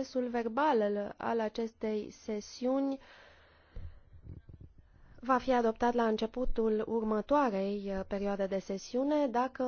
procesul verbal al acestei sesiuni va fi adoptat la începutul următoarei uh, perioade de sesiune. Dacă